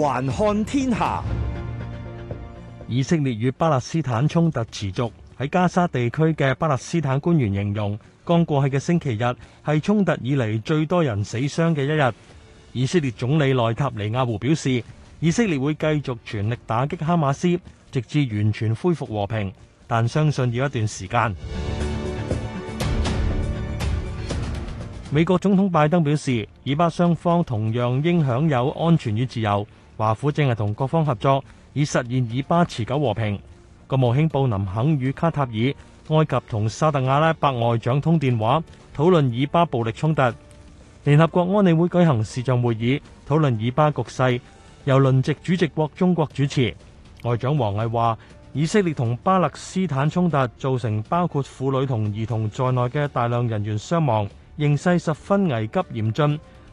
環看天下，以色列與巴勒斯坦衝突持續，喺加沙地區嘅巴勒斯坦官員形容，剛過去嘅星期日係衝突以嚟最多人死傷嘅一日。以色列總理內塔尼亞胡表示，以色列會繼續全力打擊哈馬斯，直至完全恢復和平，但相信要一段時間。美國總統拜登表示，以巴雙方同樣應享有安全與自由。華府正係同各方合作，以實現以巴持久和平。國務卿布林肯與卡塔爾、埃及同沙特阿拉伯外長通電話，討論以巴暴力衝突。聯合國安理會舉行視像會議，討論以巴局勢，由輪值主席國中國主持。外長王毅話，以色列同巴勒斯坦衝突造成包括婦女同兒童在內嘅大量人員傷亡，形勢十分危急嚴峻。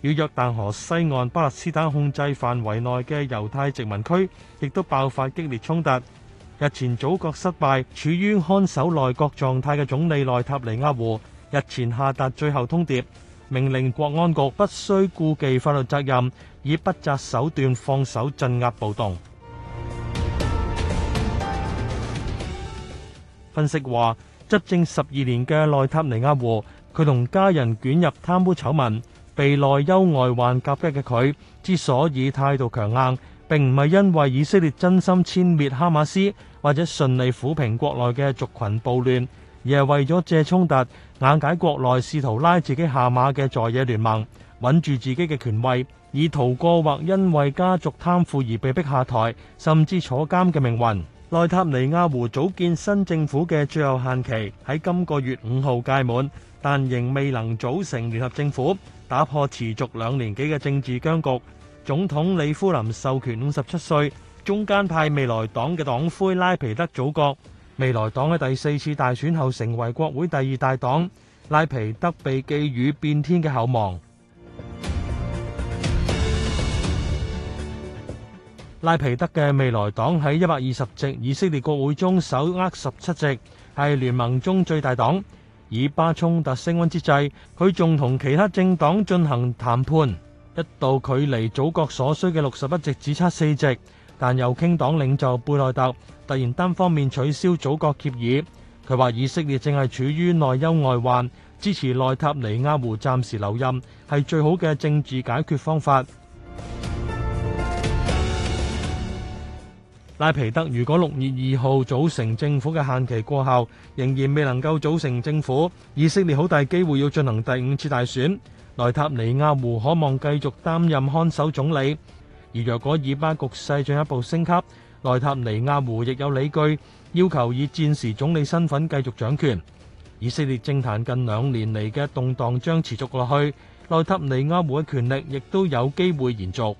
與約旦河西岸巴勒斯坦控制範圍內嘅猶太殖民區亦都爆發激烈衝突。日前，祖國失敗，處於看守內閣狀態嘅總理內塔尼亞胡日前下達最後通牒，命令國安局不需顧忌法律責任，以不擇手段放手鎮壓暴動。分析話，執政十二年嘅內塔尼亞胡，佢同家人捲入貪污醜聞。被內憂外患夾擊嘅佢，之所以態度強硬，並唔係因為以色列真心殲滅哈馬斯或者順利撫平國內嘅族群暴亂，而係為咗借衝突硬解國內試圖拉自己下馬嘅在野聯盟，穩住自己嘅權位，以逃過或因為家族貪腐而被逼下台甚至坐監嘅命運。內塔尼亞胡組建新政府嘅最後限期喺今個月五號屆滿，但仍未能組成聯合政府，打破持續兩年幾嘅政治僵局。總統里夫林授權五十七歲中間派未來黨嘅黨魁拉皮德組閣。未來黨喺第四次大選後成為國會第二大黨，拉皮德被寄予變天嘅厚望。拉皮德嘅未來黨喺一百二十席以色列國會中手握十七席，係聯盟中最大黨。以巴衝突升温之際，佢仲同其他政黨進行談判，一度距離組閣所需嘅六十一席只差四席。但右傾黨領袖貝內特突然單方面取消組閣協議，佢話以色列正係處於內憂外患，支持內塔尼亞胡暫時留任係最好嘅政治解決方法。拉皮德，如果六月二號組成政府嘅限期過後，仍然未能夠組成政府，以色列好大機會要進行第五次大選。內塔尼亞胡可望繼續擔任看守總理，而若果以巴局勢進一步升級，內塔尼亞胡亦有理據要求以戰時總理身份繼續掌權。以色列政壇近兩年嚟嘅動盪將持續落去，內塔尼亞胡嘅權力亦都有機會延續。